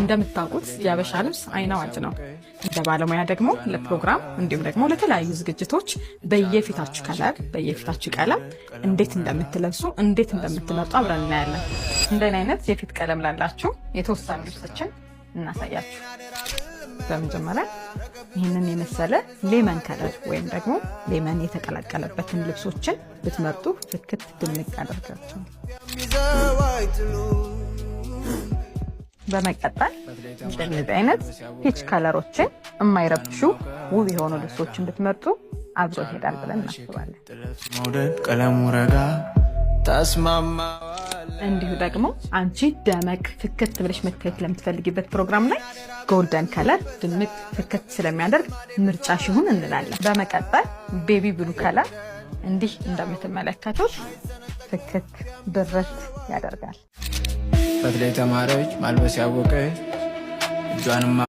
እንደምታውቁት የአበሻ ልብስ አይን አዋጅ ነው። እንደ ባለሙያ ደግሞ ለፕሮግራም እንዲሁም ደግሞ ለተለያዩ ዝግጅቶች በየፊታችሁ ከለር በየፊታችሁ ቀለም እንዴት እንደምትለብሱ እንዴት እንደምትመርጡ አብረን እናያለን። እንደን አይነት የፊት ቀለም ላላችሁ የተወሰኑ ልብሶችን እናሳያችሁ። በመጀመሪያ ይህንን የመሰለ ሌመን ከለር ወይም ደግሞ ሌመን የተቀላቀለበትን ልብሶችን ብትመርጡ ፍክት ድንቅ ያደርጋቸው። በመቀጠል እንደነዚህ አይነት ፒች ከለሮችን የማይረብሹ ውብ የሆኑ ልብሶችን ብትመርጡ አብሮ ይሄዳል ብለን እናስባለን። እንዲሁ ደግሞ አንቺ ደመቅ ፍክት ብለሽ መታየት ለምትፈልጊበት ፕሮግራም ላይ ጎልደን ከለር ድምቅ ፍክት ስለሚያደርግ ምርጫ ሽሁን እንላለን። በመቀጠል ቤቢ ብሉ ከለር እንዲህ እንደምትመለከቱት ፍክት ብርት ያደርጋል። ጽሕፈት ላይ የተማረች ማልበስ ያወቀች እጇንም